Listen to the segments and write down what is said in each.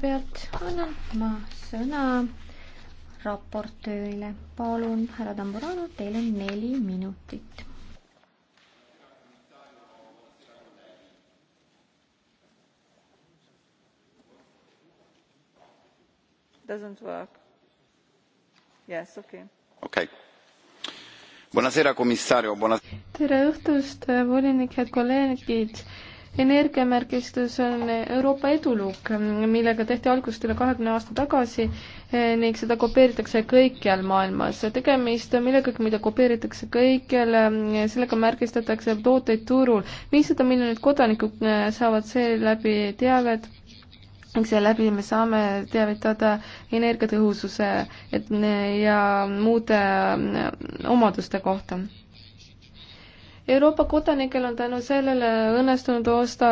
pealt annan ma sõna raportöörile. palun, härra Tamburano, teil on neli minutit. Doesn't work. Yes, okay. Okay. Buonasera, commissario. Buona... tere õhtust, volinik, head kolleegid energiamärgistus on Euroopa edulugu, millega tehti algust üle kahekümne aasta tagasi eh, ning seda kopeeritakse kõikjal maailmas. tegemist on millegagi, mida kopeeritakse kõikjal, eh, sellega märgistatakse tooteid turul. viissada miljonit kodanikku eh, saavad seeläbi teavet ning seeläbi me saame teavitada energiatõhususe ja muude omaduste kohta Euroopa kodanikel on tänu sellele õnnestunud osta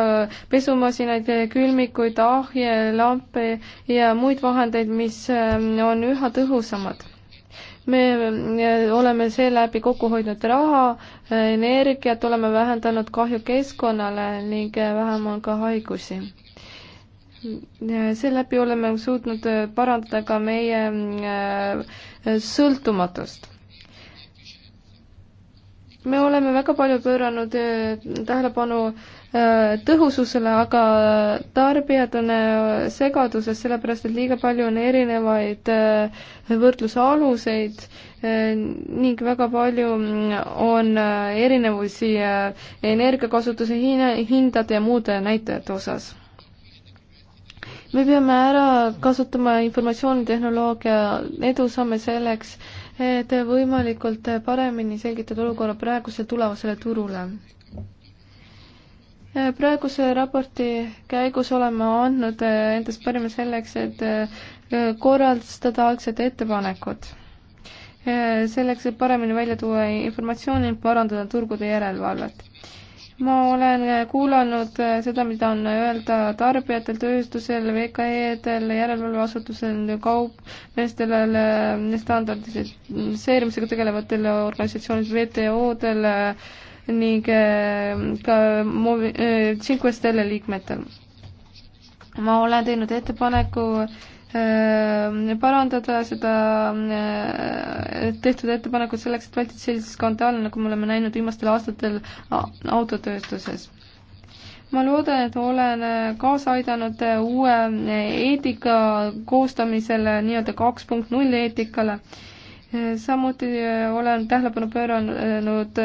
pesumasinaid, külmikuid, ahje, lampe ja muid vahendeid, mis ähm, on üha tõhusamad me äh, oleme seeläbi kokku hoidnud raha, äh, energiat, oleme vähendanud kahju keskkonnale ning äh, vähem on ka haigusi. seeläbi oleme suutnud parandada ka meie sõltumatust me oleme väga palju pööranud äh, tähelepanu äh, tõhususele, aga äh, tarbijad on segaduses, sellepärast et liiga palju on erinevaid võrdlusaluseid ning väga palju mm, on erinevusi energiakasutuse hinna, hindade ja muude näitajate osas. me peame ära kasutama informatsioonitehnoloogia edusamme selleks, et võimalikult paremini selgitada olukorra praegusele tulevasele turule. praeguse raporti käigus oleme andnud endast parima selleks, et korraldada algsed ettepanekud. selleks, et paremini välja tuua informatsiooni ning parandada turgude järelevalvet ma olen kuulanud äh, seda, mida on öelda tarbijatel, tööstusel, VKE-del, järelevalveasutusel, kaupmeestel, äh, standardiseerimisega tegelevatel organisatsioonidel, WTO-del ning äh, ka Cinque Stelle liikmetel. ma olen teinud ettepaneku äh, Äh, parandada seda äh, tehtud ettepanekut selleks, et vältida selliseid skandaale, nagu me oleme näinud viimastel aastatel autotööstuses ma loodan, et olen kaasa aidanud uue eetika koostamisele, nii-öelda kaks punkt null eetikale. Äh, samuti olen tähelepanu pööranud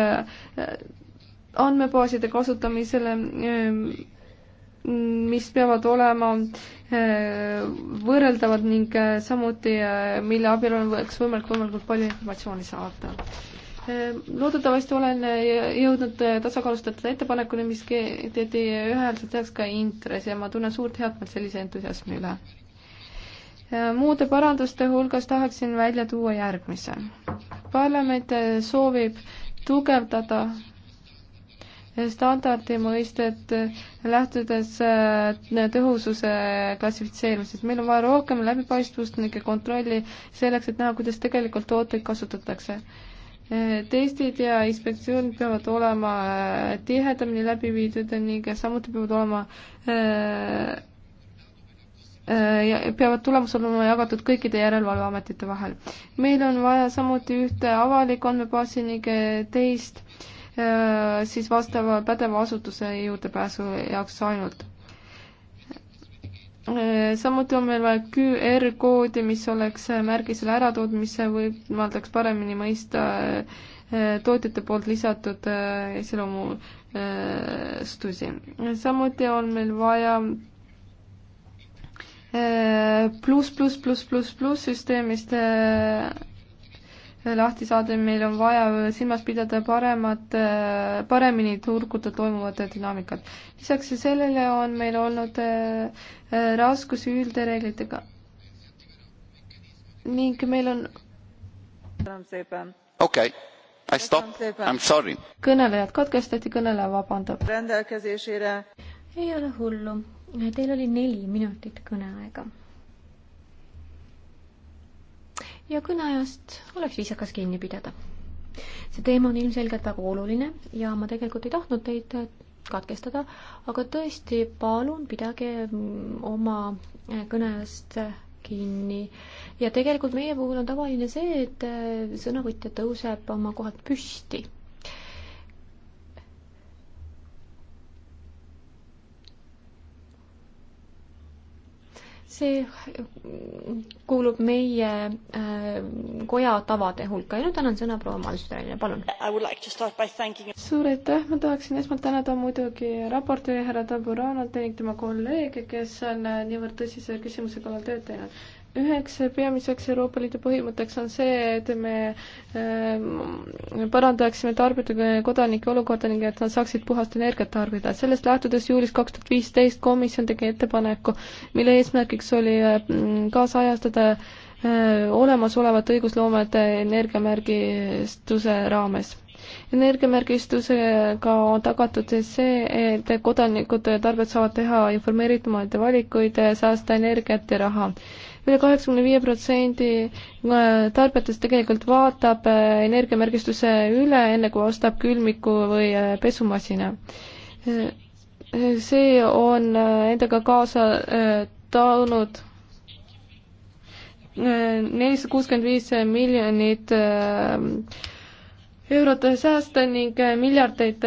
andmebaaside kasutamisele mis peavad olema äh, võrreldavad ning äh, samuti, äh, mille abil oleks võimalik võimalikult palju informatsiooni saada. loodetavasti olen jõudnud tasakaalustatud ettepanekuni, mis teeti ühehäälselt heaks ka Intres ja ma tunnen suurt headmeelt sellise entusiasmi üle. muude paranduste hulgas tahaksin välja tuua järgmise. parlament soovib tugevdada standardi mõistet, lähtudes äh, tõhususe klassifitseerimisest. meil on vaja rohkem läbipaistvust ning kontrolli selleks, et näha, kuidas tegelikult tooteid kasutatakse. Äh, testid ja inspektsioonid peavad olema äh, tihedamini läbi viidud ning samuti peavad olema ja peavad tulemused olema jagatud kõikide järelevalveametite vahel. meil on vaja samuti ühte avalikku andmebaasi ning teist äh, Äh, siis vastava pädeva asutuse juurdepääsu jaoks ainult. Äh, samuti on meil vaja QR-koodi, mis oleks märgisele ära toodud, mis võimaldaks paremini mõista äh, tootjate poolt lisatud iseloomustusi. samuti on meil vaja pluss, pluss, pluss, pluss, pluss süsteemist lahti saada, meil on vaja silmas pidada paremat, paremini turgudel toimuvat dünaamikat. lisaks sellele on meil olnud äh, äh, raskusi üldreeglitega. ning meil on okei okay., I stop, I m sorry. kõnelejad katkestati, kõneleja vabandab. ei ole hullu, teil oli neli minutit kõneaega ja kõneajast oleks viisakas kinni pidada. see teema on ilmselgelt väga oluline ja ma tegelikult ei tahtnud teid katkestada, aga tõesti, palun pidage oma kõneajast kinni. ja tegelikult meie puhul on tavaline see, et sõnavõtja tõuseb oma kohalt püsti see kuulub meie äh, koja tavade hulka ja nüüd annan sõna proua Malmströmile, palun like. suur aitäh, ma tahaksin esmalt tänada muidugi raportööri härra Taburanot ning tema kolleege, kes on niivõrd tõsise küsimuse kallal tööd teinud üheks peamiseks Euroopa Liidu põhimõtteks on see, et me ehm, parandaksime tarbijate kodanike olukorda ning et nad saaksid puhast energiat tarbida. sellest lähtudes juulis kaks tuhat viisteist komisjon tegi ettepaneku, mille eesmärgiks oli ehm, kaasajastada ehm, olemasolevat õigusloomet energiamärgistuse raames energiamärgistusega on tagatud see, et kodanikud ja tarbijad saavad teha informeeritumaid valikuid, säästa energiat ja raha üle kaheksakümne viie protsendi tarbijatest tegelikult vaatab eh, energiamärgistuse üle, enne kui ostab külmiku või eh, pesumasina. Eh, see on endaga kaasa toonud nelisada kuuskümmend viis miljonit eurot säästa ning miljardeid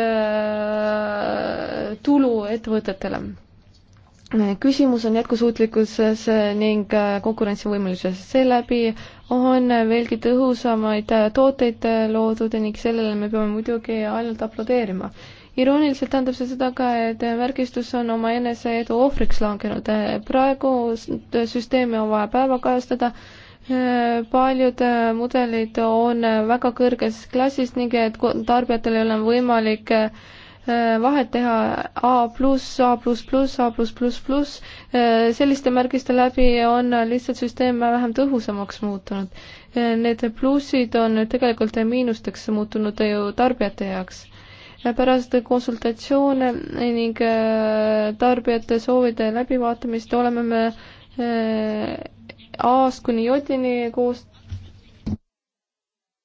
tulu ettevõtetele küsimus on jätkusuutlikkuses ning äh, konkurentsivõimelisuses. seeläbi on veelgi tõhusamaid äh, tooteid äh, loodud ning sellele me peame muidugi ainult aplodeerima. irooniliselt tähendab see seda ka, et märgistus on omaenese edu ohvriks langenud. praegu süsteemi on vaja päevakajastada, paljud mudelid on väga kõrges klassis ning tarbijatel ei ole võimalik äh, Äh, vahet teha A pluss, A pluss pluss, A pluss pluss pluss, äh, selliste märgiste läbi on lihtsalt süsteem vähem tõhusamaks muutunud. Äh, need plussid on tegelikult miinusteks muutunud ju tarbijate jaoks pärast konsultatsioone ning tarbijate soovide läbivaatamist oleme me A-st kuni J-ni koos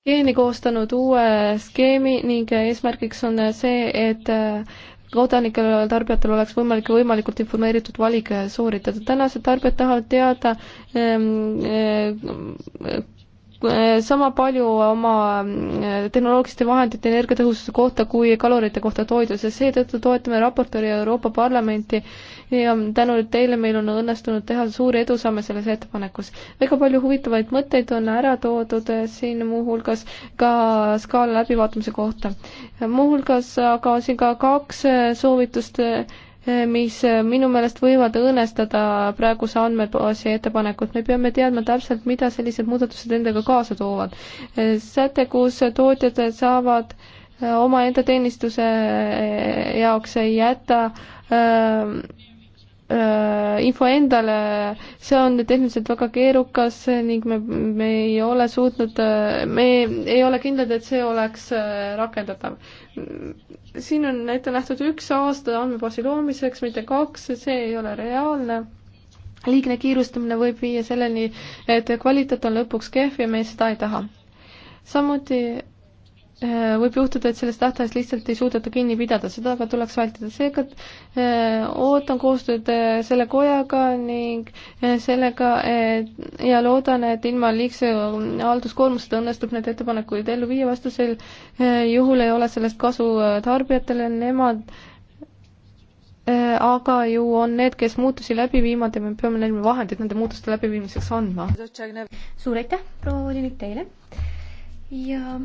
geeni koostanud uue skeemi ning eesmärgiks on see, et äh, kodanikel ja tarbijatel oleks võimalik võimalikult informeeritud valik sooritada. tänased tarbijad tahavad teada ähm, äh, Äh, sama palju oma äh, tehnoloogiliste vahendite energiatõhususe kohta kui kalorite kohta toidus ja seetõttu toetame raportööri Euroopa Parlamenti ja tänu teile meil on õnnestunud teha suuri edusamme selles ettepanekus. väga palju huvitavaid mõtteid on ära toodud äh, siin muuhulgas ka skaala läbivaatamise kohta. muuhulgas aga on siin ka kaks soovitust mis äh, minu meelest võivad õõnestada praeguse andmebaasi ettepanekut. me peame teadma täpselt, mida sellised muudatused endaga kaasa toovad. Äh, säte, kus tootjad saavad äh, omaenda teenistuse jaoks jätta öö, Äh, info endale, see on tehniliselt väga keerukas ning me, me ei ole suutnud, äh, me ei ole kindlad, et see oleks äh, rakendatav. siin on ette nähtud üks aasta andmebaasi loomiseks, mitte kaks, see ei ole reaalne. liigne kiirustamine võib viia selleni, et kvaliteet on lõpuks kehv ja me seda ei taha. samuti Äh, võib juhtuda, et sellest tähtajast lihtsalt ei suudeta kinni pidada, seda aga tuleks vältida, seega äh, ootan koostööd äh, selle kojaga ning sellega et, ja loodan, et ilma liigse halduskoormuseta õnnestub neid ettepanekuid ellu viia, vastasel juhul ei ole sellest kasu tarbijatele, nemad aga ju on need, kes muutusi läbi viimad ja me peame neile vahendid nende muutuste läbiviimiseks andma. suur aitäh, proua volinik teile ja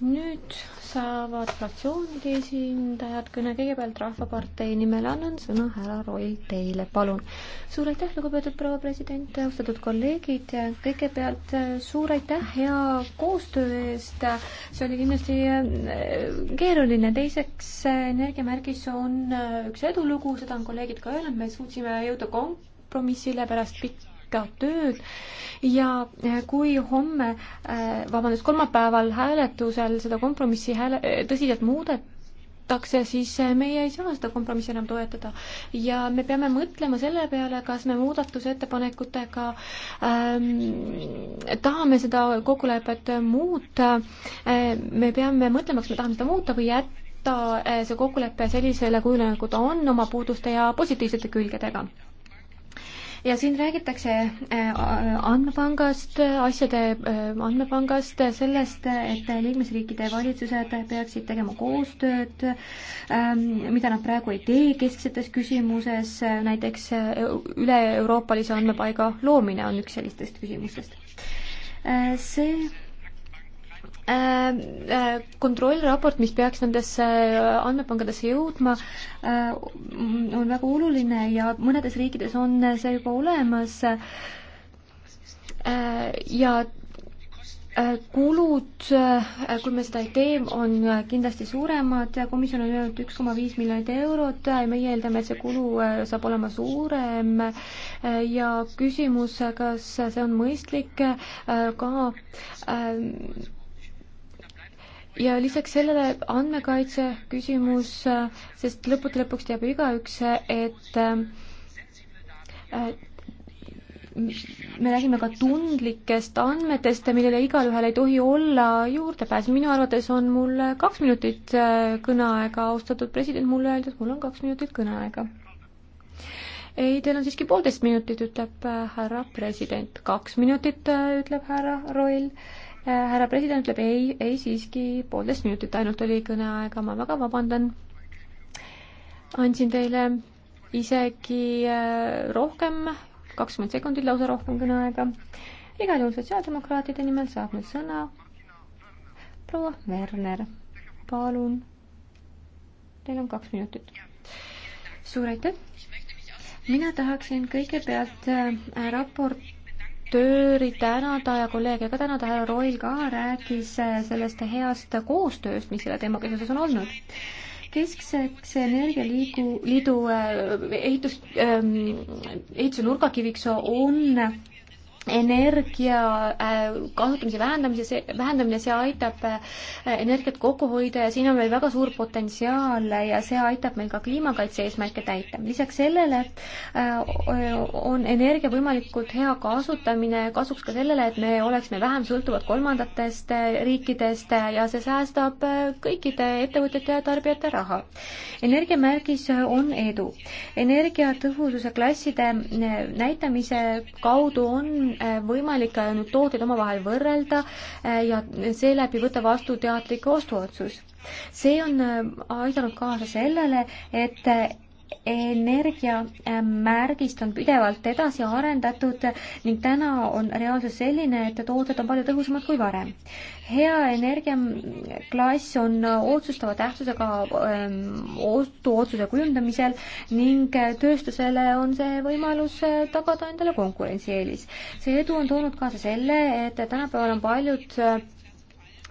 nüüd saavad fraktsioonide esindajad kõne, kõigepealt Rahvapartei nimel annan sõna härra Roil teile, palun. suur aitäh, lugupeetud proua president, austatud kolleegid, kõigepealt suur aitäh hea koostöö eest, see oli kindlasti eh, keeruline, teiseks energiamärgis on eh, üks edulugu, seda on kolleegid ka öelnud, me suutsime jõuda kompromissile pärast pikka pikka tööd ja eh, kui homme, eh, vabandust, kolmapäeval hääletusel seda kompromissi hääle, eh, tõsiselt muudet-, muudetakse, siis meie ei saa seda kompromissi enam toetada. ja me peame mõtlema selle peale, kas me muudatusettepanekutega ähm, tahame seda kokkulepet muuta äh,. me peame mõtlema, kas me tahame seda muuta või jätta äh, see kokkulepe sellisele kujule, nagu ta on, oma puuduste ja positiivsete külgedega ja siin räägitakse äh, andmepangast, asjade äh, andmepangast, sellest, et liikmesriikide valitsused peaksid tegema koostööd, ähm, mida nad praegu ei tee kesksetes küsimuses, näiteks äh, üle-euroopalise andmepaiga loomine on üks sellistest küsimustest. see Äh, äh, kontrollraport, mis peaks nendesse äh, andmepangadesse jõudma, on väga oluline ja mõnedes riikides on see juba olemas. ja kulud, kui me seda ei tee, on kindlasti suuremad, komisjon on öelnud üks koma viis miljonit eurot, meie eeldame, et see kulu saab olema suurem ja küsimus, kas see on mõistlik ka ja lisaks sellele andmekaitse küsimus, sest lõppude lõpuks teab ju igaüks, et äh, me räägime ka tundlikest andmetest, millele igalühel ei tohi olla juurdepääs. minu arvates on mul kaks minutit äh, kõneaega, austatud president mulle öeldi, et mul on kaks minutit kõneaega. ei, teil on siiski poolteist minutit, ütleb äh, härra president. kaks minutit, ütleb härra Roil härra president ütleb ei, ei siiski, poolteist minutit ainult oli kõneaega, ma väga vabandan. andsin teile isegi äh, rohkem, kakskümmend sekundit lausa rohkem kõneaega. igal juhul sotsiaaldemokraatide nimel saab nüüd sõna proua Werner. palun, teil on kaks minutit. suur aitäh! mina tahaksin kõigepealt äh, raport raportööri tänada ja kolleege ka tänada, härra Roil ka rääkis äh, sellest heast koostööst, mis selle teemaga seoses on olnud. keskseks Energialiidu, liidu äh, ehitus, ähm, ehituse nurgakiviks on energia äh, kasutamise vähendamise, vähendamine, see aitab äh, energiat kokku hoida ja siin on meil väga suur potentsiaal ja see aitab meil ka kliimakaitse eesmärke täita. lisaks sellele äh, on energia võimalikult hea kasutamine kasuks ka sellele, et me oleksime vähem sõltuvad kolmandatest riikidest ja see säästab kõikide ettevõtjate ja tarbijate raha. energiamärgis on edu. energiatõhususe klasside näitamise kaudu on on äh, võimalik äh, nüüd tooteid omavahel võrrelda äh, ja seeläbi võtta vastu teadlik ostuotsus. see on aidanud kaasa sellele, et energiamärgist äh, on pidevalt edasi arendatud ning täna on reaalsus selline, et tooted on palju tõhusamad kui varem. hea energiaklass on otsustava tähtsusega ähm, ostuotsuse kujundamisel ning tööstusele on see võimalus äh, tagada endale konkurentsieelis. see edu on toonud kaasa selle, et tänapäeval on paljud äh,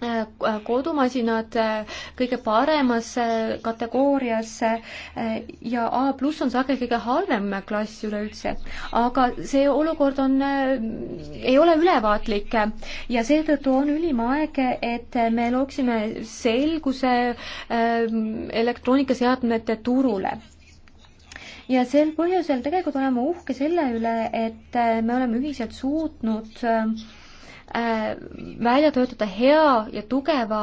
Äh, kodumasinad äh, kõige paremasse äh, kategooriasse ja A pluss on sageli kõige halvem klass üleüldse. aga see olukord on, ei ole ülevaatlik ja seetõttu on ülim aeg, et me looksime selguse elektroonikaseadmete turule ja sel põhjusel tegelikult oleme uhke selle üle, et me oleme ühiselt suutnud äh, Äh, välja töötada hea ja tugeva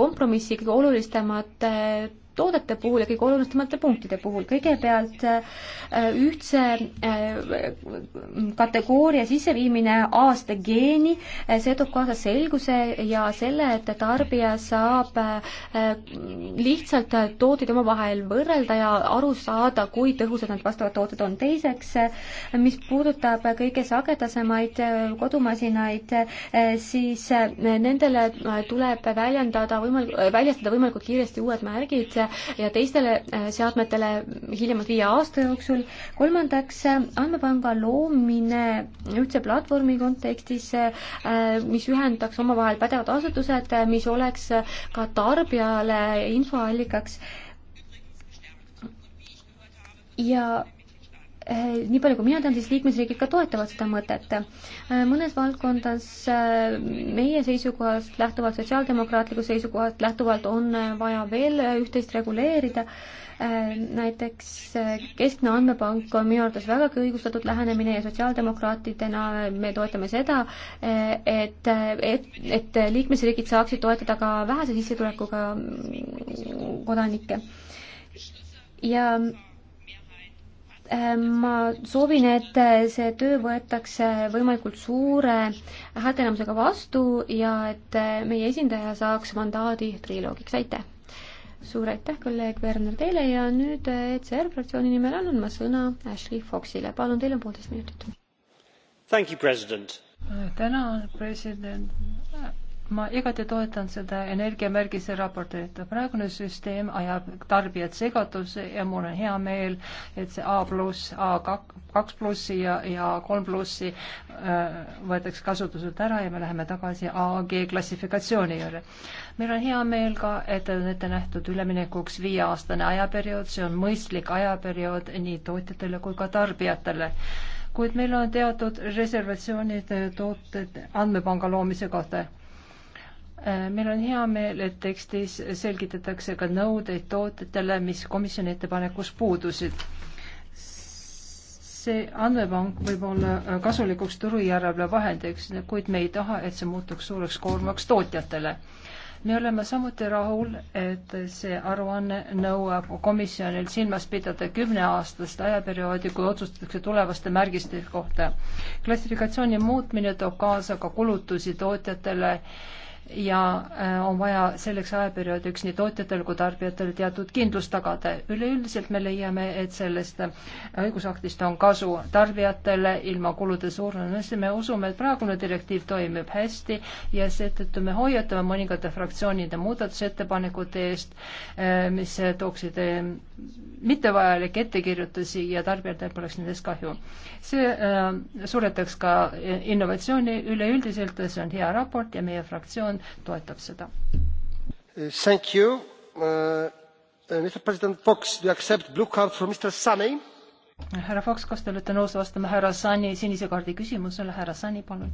kompromissi kõige olulisemate äh, toodete puhul ja kõige olulisemate punktide puhul. kõigepealt äh, ühtse äh, kategooria sisseviimine aasta geeni, äh, see toob kaasa selguse ja selle, et tarbija saab lihtsalt tooteid omavahel võrrelda ja aru saada, kui tõhusad nad vastavad tooted on. teiseks, mis puudutab kõige sagedasemaid kodumasinaid, siis nendele tuleb väljendada võimalik, väljastada võimalikult kiiresti uued märgid ja teistele äh, seadmetele hiljemalt viie aasta jooksul. kolmandaks, äh, andmepanga loomine ühtse platvormi kontekstis, äh, mis ühendaks omavahel pädevad asutused, mis oleks ka tarbijale infoallikaks ja Äh, nii palju kui mina tean, siis liikmesriigid ka toetavad seda mõtet. Äh, mõnes valdkondas äh, meie seisukohast lähtuvalt, sotsiaaldemokraatliku seisukohast lähtuvalt on vaja veel üht-teist reguleerida näiteks keskne andmepank on minu arvates vägagi õigustatud lähenemine ja sotsiaaldemokraatidena me toetame seda, et, et, et liikmesriigid saaksid toetada ka vähese sissetulekuga mm, kodanikke. ja Ehm, ma soovin, et eh, see töö võetakse võimalikult suure häälteenamusega vastu ja et eh, meie esindaja saaks mandaadi triloogiks, aitäh! suur aitäh, kolleeg Werner teile ja nüüd ECR eh, e fraktsiooni nimel annan ma sõna Ashley Foxile, palun, teil on poolteist minutit. tänan, president ma igati toetan seda energiamärgise raportit. praegune süsteem ajab tarbijad segadusse ja mul on hea meel, et see A pluss, A kaks plussi ja, ja kolm plussi äh, võetakse kasutuselt ära ja me läheme tagasi AG klassifikatsiooni juurde. meil on hea meel ka, et on ette nähtud üleminekuks viieaastane ajaperiood, see on mõistlik ajaperiood nii tootjatele kui ka tarbijatele kuid meil on teatud reservatsioonid äh, tooted andmepanga loomise kohta Äh, meil on hea meel, et tekstis selgitatakse ka nõudeid tootjatele, mis komisjoni ettepanekus puudusid. see andmepank võib olla äh, kasulikuks turujärelevalve vahendiks, kuid me ei taha, et see muutuks suureks koormaks tootjatele me oleme samuti rahul, et see aruanne nõuab komisjonil silmas pidada kümneaastast ajaperioodi, kui otsustatakse tulevaste märgiste kohta. klassifikatsiooni muutmine toob kaasa ka kulutusi tootjatele äh, ja äh, on vaja selleks ajaperioodiks nii tootjatele kui tarbijatele teatud kindlus tagada. üleüldiselt me leiame, et sellest õigusaktist on kasu tarbijatele ilma kulude suurenemisse. me usume, et praegune direktiiv toimib hästi ja seetõttu me hoiatame mõningate fraktsioonide muudatusettepanekute eest, äh, mis tooksid äh, mittevajalikke ettekirjutusi ja tarbijatel poleks nendest kahju. see suretaks ka innovatsiooni üleüldiselt, see on hea raport ja meie fraktsioon fraktsioon toetab seda. Thank you uh,. uh Mr President Fox, do you accept blue card from Mr Sunny? härra Fox, kas te olete nõus vastama härra Sunny sinise kaardi küsimusele? härra Sunny, palun.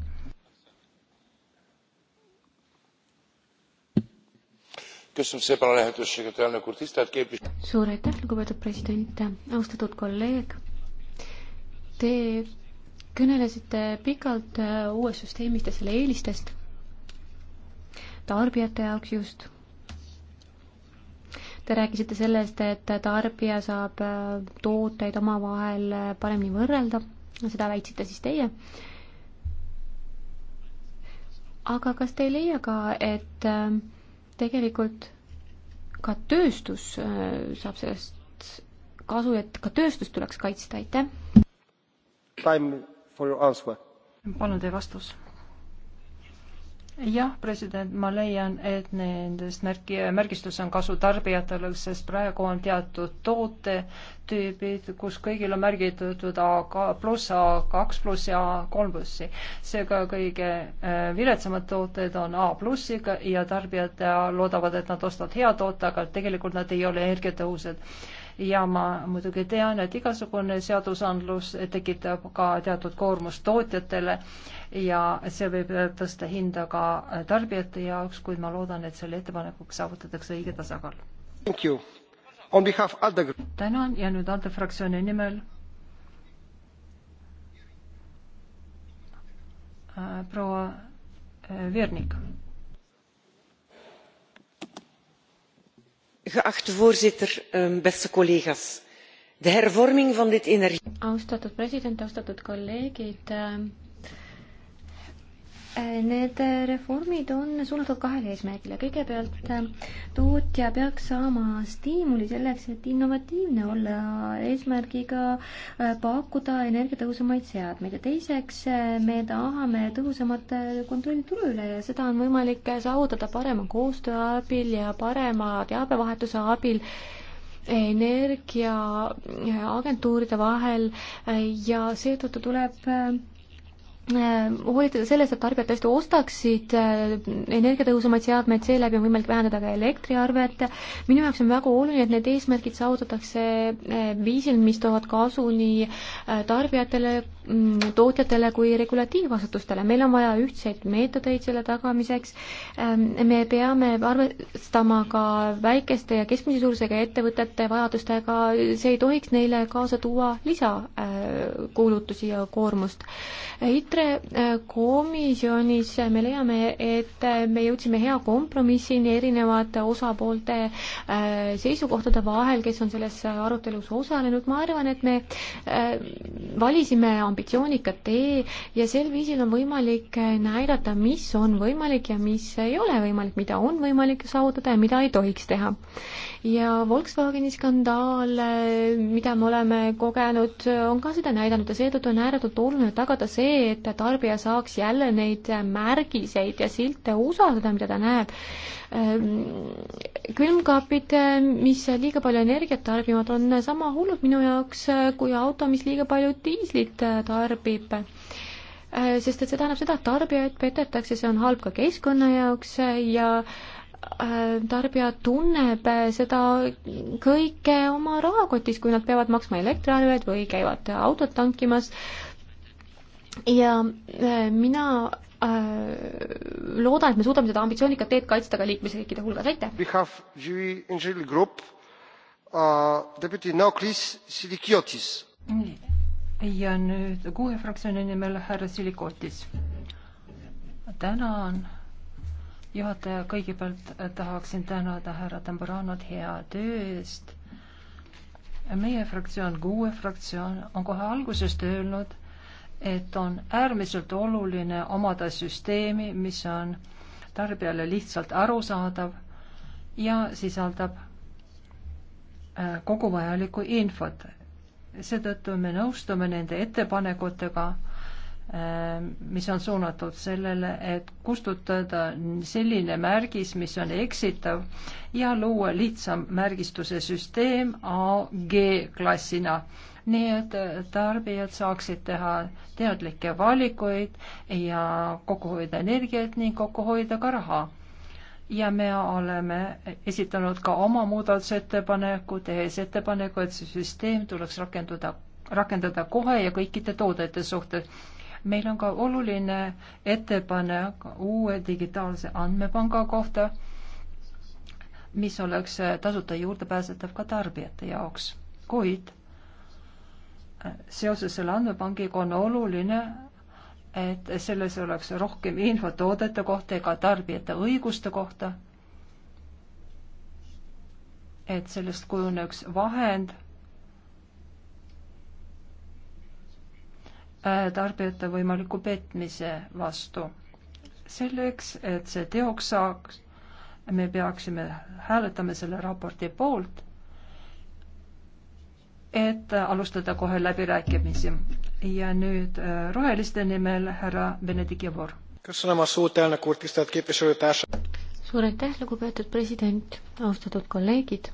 suur aitäh, lugupeetud president, austatud kolleeg. Te kõnelesite pikalt uh, uuest süsteemist ja selle eelistest tarbijate jaoks just. Te rääkisite sellest, et tarbija saab äh, tooteid omavahel äh, paremini võrrelda, seda väitsite siis teie. aga kas te ei leia ka, et äh, tegelikult ka tööstus saab sellest kasu, et ka tööstust tuleks kaitsta, aitäh! palun teie vastus jah, president, ma leian, et nendest märki, märgistus on kasu tarbijatele, sest praegu on teatud tootetüübid, kus kõigil on märgitud AK pluss, A kaks pluss ja A kolm plussi. seega kõige äh, viletsamad tooted on A plussiga ja tarbijad äh, loodavad, et nad ostavad hea toote, aga tegelikult nad ei ole energiatõhusad ja ma muidugi tean, et igasugune seadusandlus tekitab ka teatud koormust tootjatele ja see võib tõsta hinda ka tarbijate jaoks, kuid ma loodan, et selle ettepanekuga saavutatakse õige tasakaal. tänan ja nüüd ALDE fraktsiooni nimel äh, proua äh, Vernik geachte voorzitter ehm, beste collega's de hervorming van dit energie. austatud president austatud kolleegid ehm, Need reformid on suunatud kahele eesmärgile. kõigepealt tootja peaks saama stiimuli selleks, et innovatiivne olla, eesmärgiga äh, pakkuda energiatõhusamaid seadmeid ja teiseks äh, me tahame tõhusamat äh, kontrolli turu üle ja seda on võimalik saavutada parema koostöö abil ja parema teabevahetuse abil energiaagentuuride vahel ja seetõttu tuleb Äh, hoolitseda sellest, et tarbijad tõesti ostaksid äh, energiatõhusamaid seadmeid, seeläbi on võimalik vähendada ka elektriarvet. minu jaoks on väga oluline, et need eesmärgid saavutatakse äh, viisil, mis toovad kasu nii tarbijatele Mm, tootjatele kui regulatiivasutustele. meil on vaja ühtseid meetodeid selle tagamiseks, ähm, me peame arvestama ka väikeste ja keskmise suurusega ettevõtete vajadustega, see ei tohiks neile kaasa tuua lisakulutusi äh, ja koormust. ITRE äh, komisjonis me leiame, et äh, me jõudsime hea kompromissini erinevate osapoolte seisukohtade vahel, kes on selles arutelus osalenud, ma arvan, et me valisime ambitsioonika tee ja sel viisil on võimalik eh, näidata, mis on võimalik ja mis ei ole võimalik, mida on võimalik saavutada ja mida ei tohiks teha. ja Volkswageni skandaal, eh, mida me oleme kogenud, eh, on ka seda näidanud ja seetõttu on ääretult oluline tagada see, et tarbija saaks jälle neid märgiseid ja silte usaldada, mida ta näeb ehm, külmkapid, mis liiga palju energiat tarbivad, on sama hullud minu jaoks kui auto, mis liiga palju diislit tarbib. Äh, sest et see tähendab seda, et tarbijaid petetakse, see on halb ka keskkonna jaoks ja äh, tarbija tunneb seda kõike oma rahakotis, kui nad peavad maksma elektriarved või käivad autot tankimas. ja äh, mina loodan, et me suudame seda ambitsioonikat teed kaitsta ka liikmesriikide hulgas, aitäh! ja nüüd kuue fraktsiooni nimel härra Silikotis. tänan juhataja, kõigepealt äh, tahaksin tänada härra Tamburanot hea töö eest. meie fraktsioon, kuue fraktsioon on kohe algusest öelnud, et on äärmiselt oluline omada süsteemi, mis on tarbijale lihtsalt arusaadav ja sisaldab äh, kogu vajalikku infot seetõttu me nõustume nende ettepanekutega, äh, mis on suunatud sellele, et kustutada selline märgis, mis on eksitav ja luua lihtsam märgistuse süsteem AG-klassina, nii et äh, tarbijad saaksid teha teadlikke valikuid ja kokku hoida energiat ning kokku hoida ka raha ja me oleme esitanud ka oma muudatusettepaneku, tehes ettepaneku, et see süsteem tuleks rakenduda, rakendada kohe ja kõikide toodete suhtes. meil on ka oluline ettepanek uue digitaalse andmepanga kohta, mis oleks tasuta juurdepääsetav ka tarbijate jaoks, kuid seoses selle andmepangiga on oluline et selles oleks rohkem infot toodete kohta ega tarbijate õiguste kohta, et sellest kujuneks vahend äh, tarbijate võimaliku petmise vastu. selleks, et see teoks saaks, me peaksime hääletama selle raporti poolt, et alustada kohe läbirääkimisi ja nüüd äh, roheliste nimel härra Benedik Javor. suur aitäh, lugupeetud president, austatud kolleegid.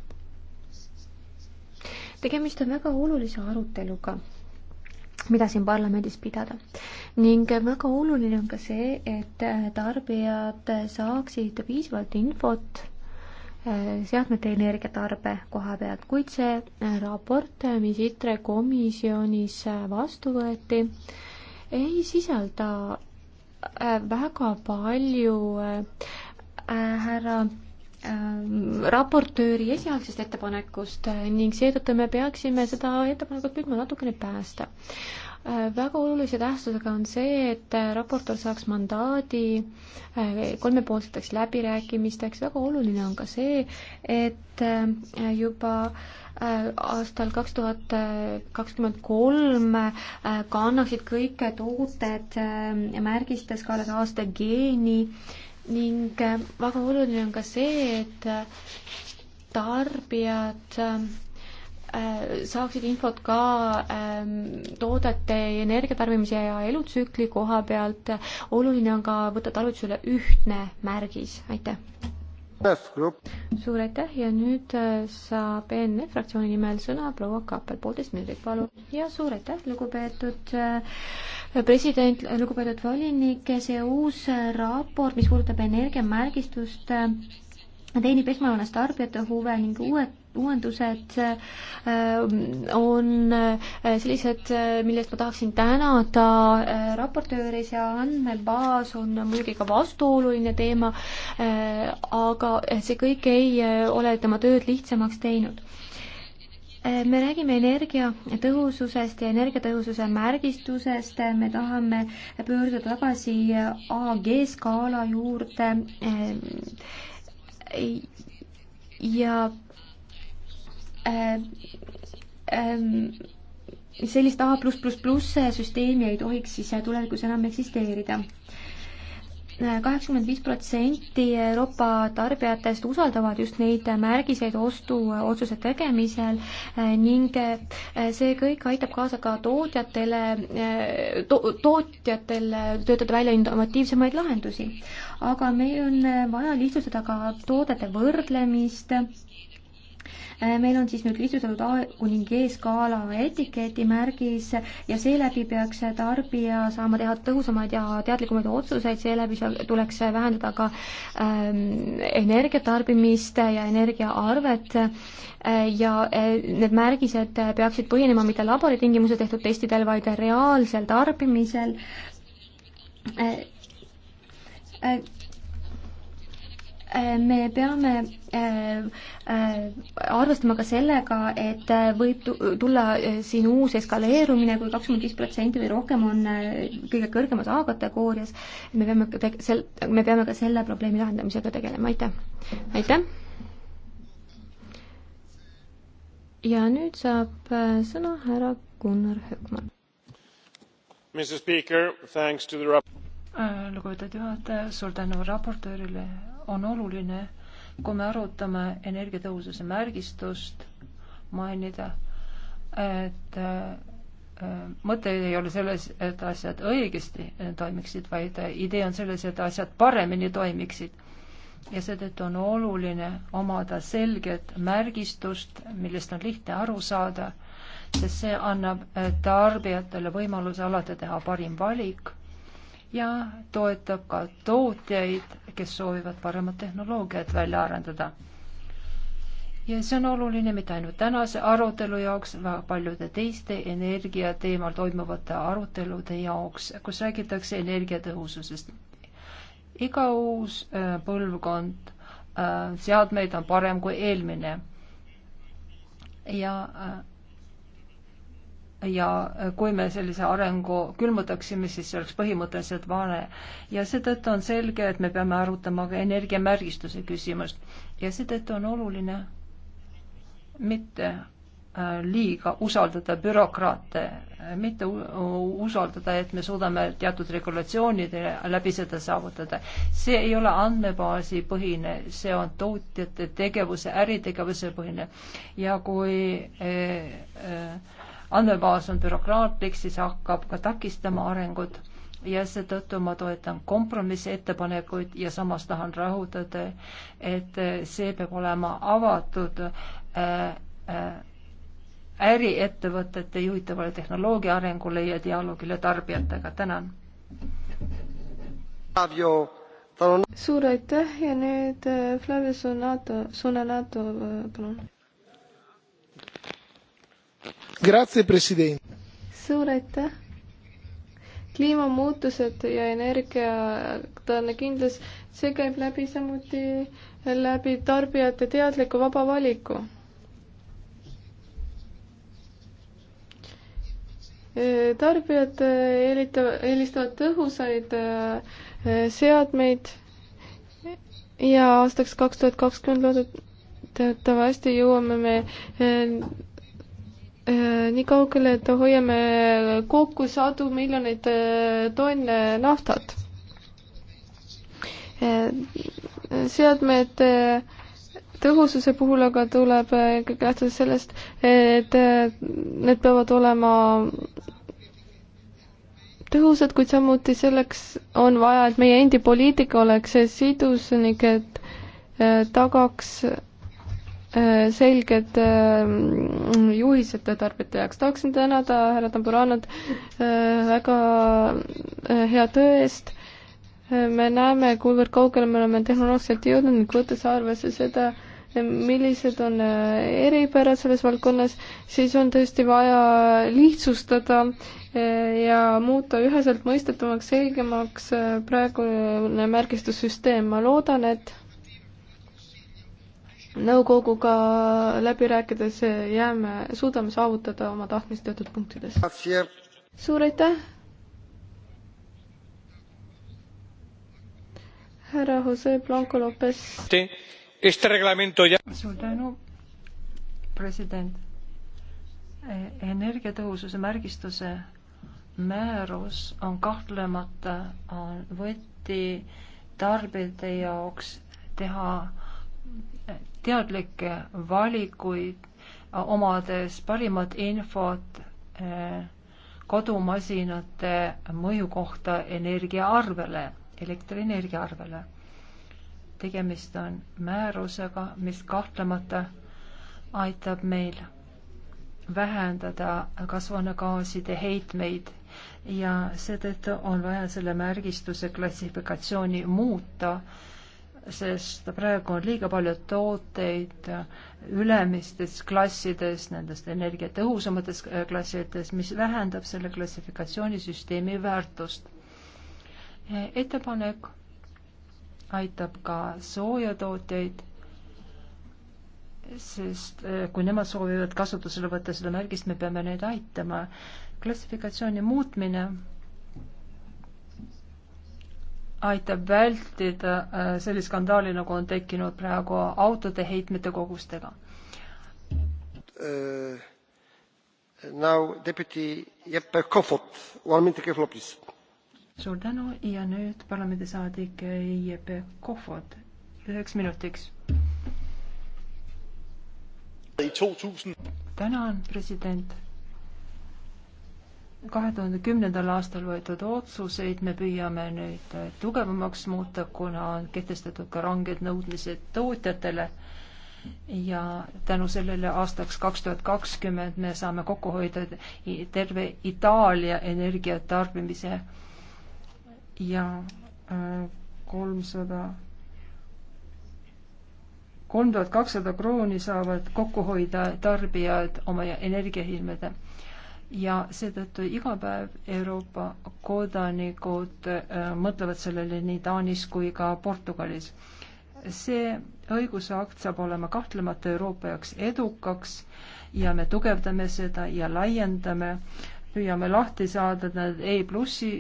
tegemist on väga olulise aruteluga, mida siin parlamendis pidada ning väga oluline on ka see, et tarbijad saaksid piisavalt infot seadmete energiatarbe koha pealt, kuid see äh, raport, äh, mis ITRE komisjonis äh, vastu võeti, ei sisalda väga palju härra raportööri esialgsest ettepanekust ning seetõttu me peaksime seda ettepanekut püüdma natukene päästa väga olulise tähtsusega on see, et raportor saaks mandaadi äh, kolmepoolseteks läbirääkimisteks, väga oluline on ka see, et äh, juba äh, aastal kaks tuhat kakskümmend kolm kannaksid kõik tooted märgistes kaalas aasta geeni ning väga oluline on ka see, et tarbijad Äh, saaksid infot ka ähm, toodete energiatarbimise ja elutsükli koha pealt. oluline on ka võtta tarvitusele ühtne märgis, aitäh. suur aitäh ja nüüd äh, saab ENF fraktsiooni nimel sõna proua Kappel, poolteist minutit, palun. ja suur aitäh, lugupeetud äh, president, lugupeetud volinik, see uus raport, mis puudutab energiamärgistust, teenib esmajoones tarbijate huve ning uued uuendused äh, on äh, sellised, äh, millest ma tahaksin tänada raportööri, see andmebaas on muidugi ka vastuoluline teema, aga see kõik ei ole tema tööd lihtsamaks teinud me räägime energiatõhususest ja energiatõhususe märgistusest, me tahame pöörduda tagasi AG skaala juurde ja Äh, äh, sellist A pluss pluss pluss süsteemi ei tohiks siis tulevikus enam eksisteerida. kaheksakümmend viis protsenti Euroopa tarbijatest usaldavad just neid märgiseid ostuotsuse tegemisel äh, ning see kõik aitab kaasa ka tootjatele to,, tootjatel töötada välja innovatiivsemaid lahendusi. aga meil on vaja lihtsustada ka toodete võrdlemist Äh, meil on siis nüüd lihtsustatud A kuni G skaala etiketimärgis ja seeläbi peaks tarbija saama teha tõhusamaid ja teadlikumaid otsuseid, seeläbi tuleks vähendada ka ähm, energiatarbimist ja energiaarvet äh, ja äh, need märgised peaksid põhinema mitte laboritingimusel tehtud testidel, vaid reaalsel tarbimisel äh, äh, me peame äh, äh, arvestama ka sellega, et äh, võib tulla siin uus eskaleerumine kui, kui kakskümmend viis protsenti või rohkem on kõige kõrgemas A-kategoorias. me peame ka sel-, me peame ka selle probleemi lahendamisega tegelema, aitäh. aitäh. ja nüüd saab sõna härra Gunnar Hökman. Mr Speaker, thanks to the lugupeetud juhataja, suur tänu raportöörile on oluline, kui me arutame energiatõhususe märgistust, mainida, et äh, mõte ei ole selles, et asjad õigesti äh, toimiksid, vaid äh, idee on selles, et asjad paremini toimiksid. ja seetõttu on oluline omada selget märgistust, millest on lihtne aru saada, sest see annab tarbijatele võimaluse alati teha parim valik ja toetab ka tootjaid, kes soovivad paremat tehnoloogiat välja arendada. ja see on oluline mitte ainult tänase arutelu jaoks, väga paljude teiste energia teemal toimuvate arutelude jaoks, kus räägitakse energiatõhususest. iga uus äh, põlvkond äh, seadmeid on parem kui eelmine ja äh, ja kui me sellise arengu külmutaksime, siis see oleks põhimõtteliselt vale. ja seetõttu on selge, et me peame arutama ka energiamärgistuse küsimust ja seetõttu on oluline mitte äh, liiga usaldada bürokraate, mitte usaldada, et me suudame teatud regulatsioonide läbi seda saavutada. see ei ole andmebaasi põhine, see on tootjate tegevuse, äritegevuse põhine ja kui äh, eh, äh, eh, andmebaas on bürokraatlik, siis hakkab ka takistama arengut ja seetõttu ma toetan kompromissettepanekuid ja samas tahan rõhutada, et see peab olema avatud äh, äh, äriettevõtete juhitavale tehnoloogia arengule ja dialoogile tarbijatega, tänan. suur aitäh ja nüüd äh, Flavio Sonato, Sonato, palun suur aitäh! kliimamuutused ja energiatõeline kindlus, see käib läbi samuti läbi tarbijate teadliku vaba valiku. tarbijad eelitavad, eelistavad tõhusaid äh, seadmeid ja aastaks kaks tuhat kakskümmend loodetavasti jõuame me äh, Äh, nii kaugele, et hoiame kokku sadu miljoneid äh, tonne naftat. Äh, seadmete tõhususe puhul aga tuleb ikkagi lähtuda sellest, et need peavad olema tõhusad, kuid samuti selleks on vaja, et meie endi poliitika oleks sidus ning et tagaks Äh, selged ähm, juhised tarbijate jaoks. tahaksin tänada härra Tamburanat äh, väga äh, hea töö eest. me näeme, kuivõrd kaugele me oleme tehnoloogiliselt jõudnud, võttes arvesse seda, millised on eripärad selles valdkonnas, siis on tõesti vaja lihtsustada ja muuta üheselt mõistetavaks, selgemaks praegune märgistussüsteem. ma loodan, et nõukoguga läbi rääkides jääme, suudame saavutada oma tahtmist teatud punktides. suur aitäh! härra Jose Blanco Lopez. suur tänu, president. energiatõhususe märgistuse määrus on kahtlemata, on võti tarbijate jaoks teha teadlikke valikuid, omades parimat infot eh, kodumasinate mõju kohta energiaarvele, elektrienergiaarvele. tegemist on määrusega, mis kahtlemata aitab meil vähendada kasvuhoonegaaside heitmeid ja seetõttu on vaja selle märgistuse klassifikatsiooni muuta sest praegu on liiga palju tooteid ülemistes klassides, nendest energiatõhusamates äh, klassides, mis vähendab selle klassifikatsioonisüsteemi väärtust. ettepanek aitab ka soojatooteid, sest äh, kui nemad soovivad kasutusele võtta seda märgist, me peame neid aitama. klassifikatsiooni muutmine aitab vältida äh, sellist skandaali, nagu on tekkinud praegu autode heitmete kogustega uh,. Now deputy Jeppe Kofod, one minute careful please. suur tänu ja nüüd parlamendisaadik Jeppe Kofod üheks minutiks. tänan, president kahe tuhande kümnendal aastal võetud otsuseid me püüame nüüd tugevamaks muuta, kuna on kehtestatud ka ranged nõudmised tootjatele ja tänu sellele aastaks kaks tuhat kakskümmend me saame kokku hoida terve Itaalia energiatarbimise ja äh, kolmsada kolm tuhat kakssada krooni saavad kokku hoida tarbijad oma energiahirmede ja seetõttu iga päev Euroopa kodanikud äh, mõtlevad sellele nii Taanis kui ka Portugalis. see õigusakt saab olema kahtlemata Euroopa jaoks edukaks ja me tugevdame seda ja laiendame, püüame lahti saada need E plussi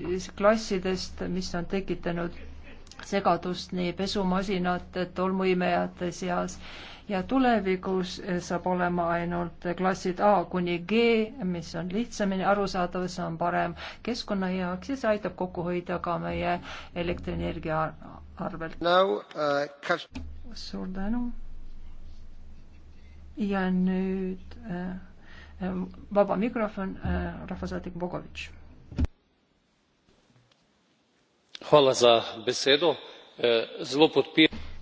klassidest, mis on tekitanud segadust nii pesumasinate, tolmuimejate seas ja tulevikus saab olema ainult klassid A kuni G, mis on lihtsamini arusaadav, see on parem keskkonna jaoks ja see aitab kokku hoida ka meie elektrienergia arvelt no,. Uh, suur tänu. ja nüüd äh, äh, vaba mikrofon äh,, rahvasaadik Bogovitš E,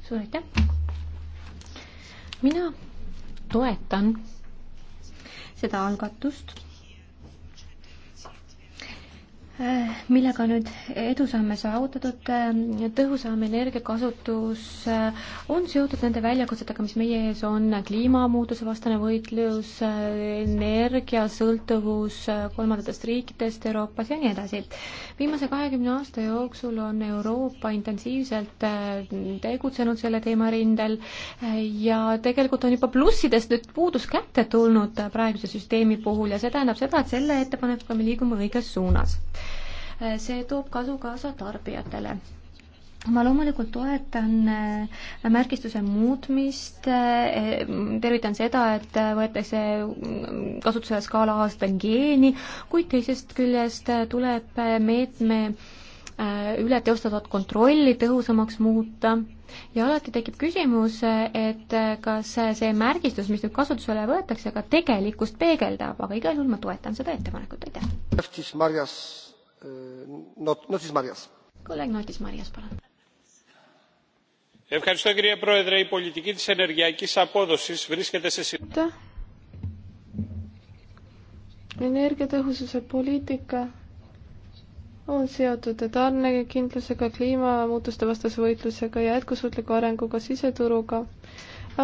suur aitäh! mina toetan seda algatust Äh, millega nüüd edusamme saavutatud, äh, tõhusam energiakasutus äh, on seotud nende väljakutsetega, mis meie ees on, kliimamuutuse vastane võitlus, energiasõltuvus kolmandatest riikidest Euroopas ja nii edasi. viimase kahekümne aasta jooksul on Euroopa intensiivselt tegutsenud selle teema rindel ja tegelikult on juba plussidest nüüd puudus kätte tulnud praeguse süsteemi puhul ja see tähendab seda, et selle ettepanekuga me liigume õiges suunas see toob kasu kaasa tarbijatele ma loomulikult toetan äh, märgistuse muutmist, äh, tervitan seda, et äh, võetakse mm, kasutusele skaala aastal geeni, kuid teisest küljest tuleb meetme üle teostatavat kontrolli tõhusamaks muuta ja alati tekib küsimus, et kas see märgistus, mis nüüd kasutusele võetakse, ka tegelikkust peegeldab, aga igal juhul ma toetan seda ettepanekut, aitäh. Not, Notis Marias. kolleeg Notis Marias, palun. Ευχαριστώ κύριε Πρόεδρε. Η πολιτική της ενεργειακής απόδοσης βρίσκεται σε συνέχεια. Energiatõhususe poliitika on seotud tarnekindlusega, kliimamuutuste vastase võitlusega ja jätkusuutliku arenguga siseturuga.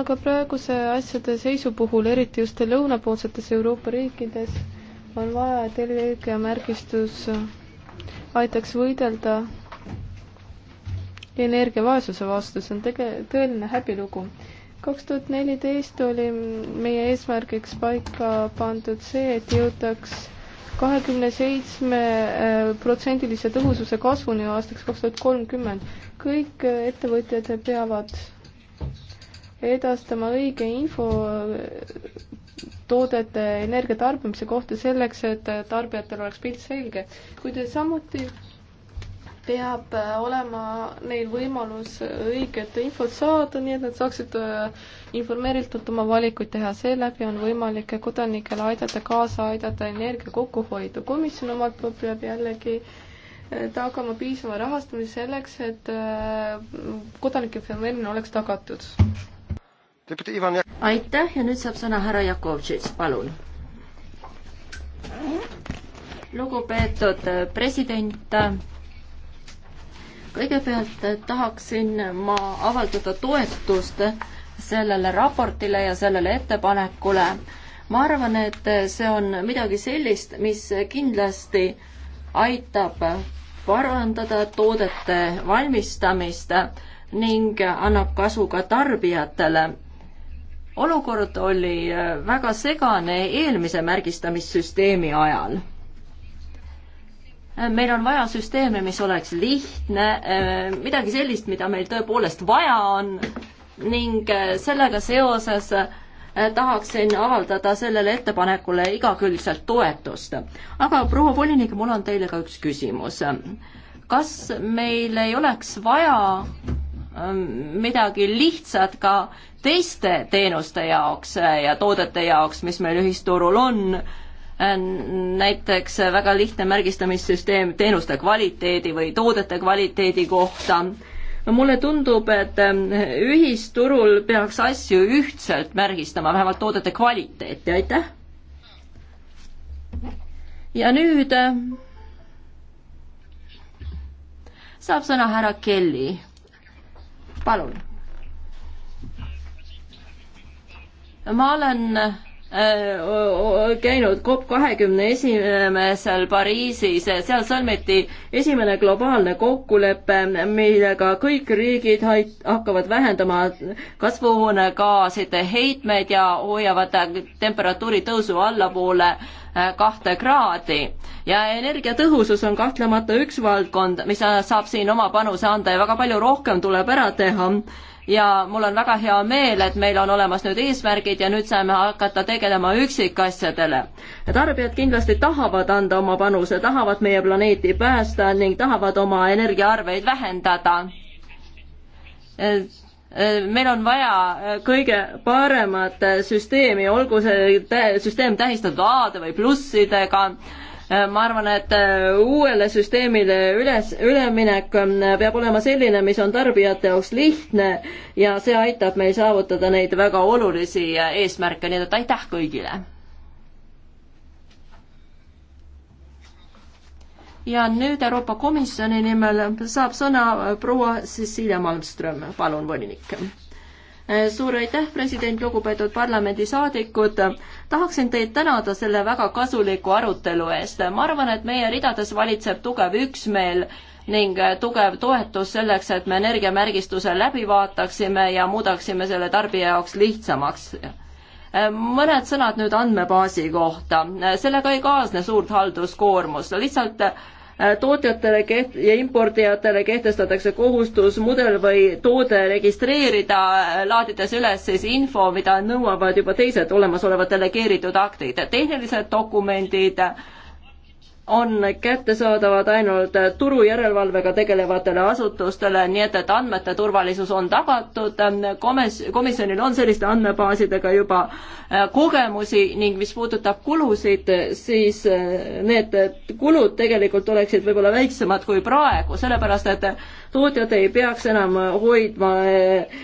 aga praeguse asjade seisu puhul, eriti just lõunapoolsetes Euroopa riikides, on vaja, et energiamärgistus aitaks võidelda energiavaesuse vastu, see on tege-, tõeline häbilugu. kaks tuhat neliteist oli meie eesmärgiks paika pandud see, et jõutaks kahekümne seitsme äh, protsendilise tõhususe kasvuni aastaks kaks tuhat kolmkümmend. kõik ettevõtjad peavad edastama õige info toodete energia tarbimise kohta selleks, et tarbijatel oleks pilt selge, kuid samuti peab äh, olema neil võimalus õiget infot saada, nii et nad saaksid äh, informeeritult oma valikuid teha, seeläbi on võimalik kodanikele aidata kaasa, aidata energia kokkuhoidu. komisjon omalt poolt peab jällegi äh, tagama piisava rahastamise selleks, et kodanike fenomeen oleks tagatud aitäh ja nüüd saab sõna härra Jakovtšits, palun. lugupeetud äh, president, äh, kõigepealt äh, tahaksin ma avaldada toetust sellele raportile ja sellele ettepanekule. ma arvan, et see on midagi sellist, mis kindlasti aitab parandada toodete valmistamist ning annab kasu ka tarbijatele olukord oli äh, väga segane eelmise märgistamissüsteemi ajal. Äh, meil on vaja süsteemi, mis oleks lihtne, äh, midagi sellist, mida meil tõepoolest vaja on ning sellega seoses tahaksin avaldada sellele ettepanekule igakülgselt toetust. aga proua volinik, mul on teile ka üks küsimus. kas meil ei oleks vaja ähm, midagi lihtsat ka teiste teenuste jaoks ja toodete jaoks, mis meil ühisturul on, näiteks väga lihtne märgistamissüsteem teenuste kvaliteedi või toodete kvaliteedi kohta. no mulle tundub, et ähm, ühisturul peaks asju ühtselt märgistama, vähemalt toodete kvaliteeti, aitäh! ja nüüd äh, saab sõna härra Kelly. palun ma olen äh, käinud COP kahekümne esimesel Pariisis, seal sõlmiti esimene globaalne kokkulepe, millega kõik riigid hakkavad vähendama kasvuhoonegaaside heitmeid ja hoiavad temperatuuri tõusu allapoole äh, kahte kraadi. ja energiatõhusus on kahtlemata üks valdkond, mis saab siin oma panuse anda ja väga palju rohkem tuleb ära teha ja mul on väga hea meel, et meil on olemas nüüd eesmärgid ja nüüd saame hakata tegelema üksikasjadele. tarbijad kindlasti tahavad anda oma panuse, tahavad meie planeeti päästa ning tahavad oma energiaarveid vähendada. E, e, meil on vaja e, kõige paremat süsteemi, olgu see süsteem tähistatud A-de või plussidega Äh, ma arvan, et äh, uuele süsteemile üles, üleminek ähm, peab olema selline, mis on tarbijate jaoks lihtne ja see aitab meil saavutada neid väga olulisi äh, eesmärke, nii et aitäh kõigile. ja nüüd Euroopa Komisjoni nimel saab sõna proua Cecilia Malmström, palun, volinik Eh, suur aitäh, president, lugupeetud parlamendisaadikud. tahaksin teid tänada selle väga kasuliku arutelu eest. ma arvan, et meie ridades valitseb tugev üksmeel ning tugev toetus selleks, et me energiamärgistuse läbi vaataksime ja muudaksime selle tarbija jaoks lihtsamaks eh, mõned sõnad nüüd andmebaasi kohta. Eh, sellega ei kaasne suurt halduskoormust, lihtsalt Äh, tootjatele keht- ja impordijatele kehtestatakse kohustus mudel või toode registreerida, äh, laadides üles siis info, mida nõuavad juba teised olemasolevad delegeeritud aktid. tehnilised dokumendid äh, on kättesaadavad ainult turujärelevalvega tegelevatele asutustele, nii et, et andmete turvalisus on tagatud, komes-, komisjonil on selliste andmebaasidega juba äh, kogemusi ning mis puudutab kulusid, siis äh, need kulud tegelikult oleksid võib-olla väiksemad kui praegu, sellepärast et tootjad ei peaks enam hoidma äh,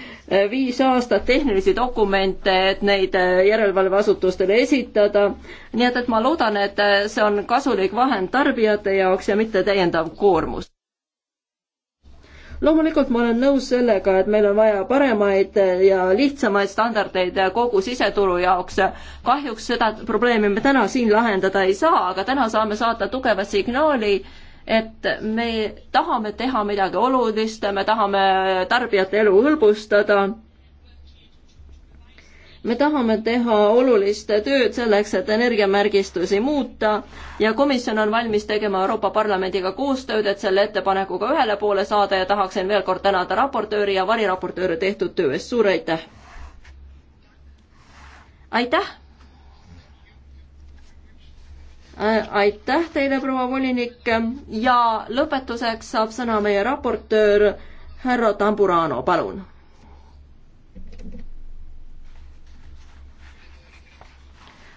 viis aastat tehnilisi dokumente, et neid äh, järelevalveasutustele esitada. nii et, et ma loodan, et äh, see on kasulik vahend tarbijate jaoks ja mitte täiendav koormus. loomulikult ma olen nõus sellega, et meil on vaja paremaid äh, ja lihtsamaid standardeid kogu siseturu jaoks. kahjuks seda probleemi me täna siin lahendada ei saa, aga täna saame saata tugeva signaali et me tahame teha midagi olulist, me tahame tarbijate elu hõlbustada. me tahame teha olulist tööd selleks, et energiamärgistusi muuta ja komisjon on valmis tegema Euroopa Parlamendiga koostööd, et selle ettepanekuga ühele poole saada ja tahaksin veel kord tänada raportööri ja variraportööre tehtud töö eest, suur aitäh! aitäh! Äh, aitäh teile, proua volinik ja lõpetuseks saab sõna meie raportöör härra Tamburano, palun.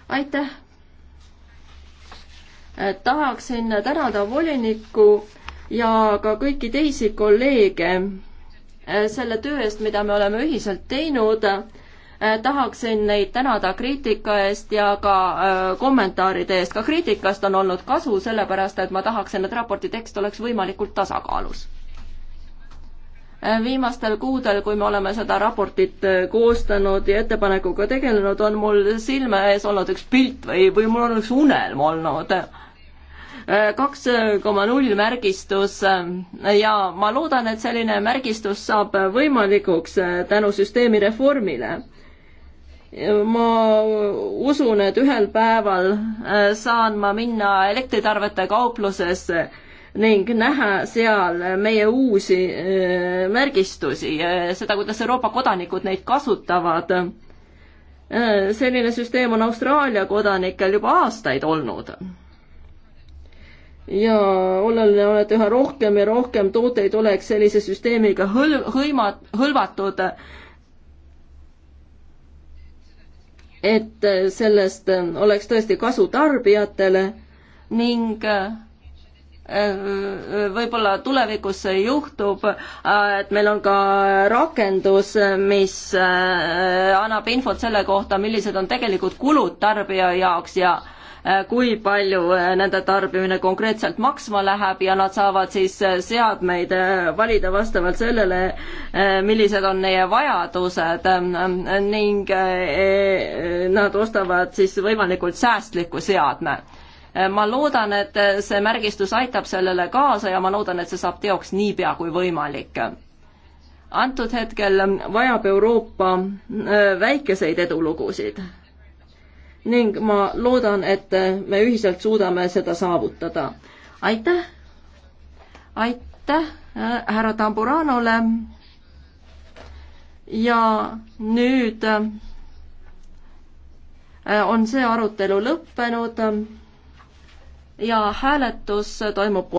aitäh. Äh, tahaksin tänada volinikku ja ka kõiki teisi kolleege äh, selle töö eest, mida me oleme ühiselt teinud Äh, tahaksin neid tänada kriitika eest ja ka äh, kommentaaride eest. ka kriitikast on olnud kasu, sellepärast et ma tahaksin, et raporti tekst oleks võimalikult tasakaalus. Äh, viimastel kuudel, kui me oleme seda raportit koostanud ja ettepanekuga tegelenud, on mul silme ees olnud üks pilt või, või mul on üks unelm olnud kaks koma null märgistus ja ma loodan, et selline märgistus saab võimalikuks tänu süsteemi reformile ma usun, et ühel päeval äh, saan ma minna elektritarvete kauplusesse ning näha seal meie uusi äh, märgistusi, äh, seda, kuidas Euroopa kodanikud neid kasutavad. selline süsteem on Austraalia kodanikel juba aastaid olnud ja oluline on, et üha rohkem ja rohkem tooteid oleks sellise süsteemiga hõl-, hõima-, hõlvatud et äh, sellest äh, oleks tõesti kasu tarbijatele ning äh, võib-olla tulevikus see juhtub, et meil on ka rakendus, mis annab infot selle kohta, millised on tegelikud kulud tarbija jaoks ja Äh, kui palju äh, nende tarbimine konkreetselt maksma läheb ja nad saavad siis äh, seadmeid valida vastavalt sellele, millised on neie vajadused ähm, ning nad ostavad siis võimalikult säästliku seadme ma loodan, et see märgistus aitab sellele kaasa ja ma loodan, et see saab teoks niipea kui võimalik. antud hetkel vajab Euroopa väikeseid edulugusid ning ma loodan, et me ühiselt suudame seda saavutada. aitäh, aitäh äh, härra Tamburanole. ja nüüd äh, on see arutelu lõppenud ja hääletus toimub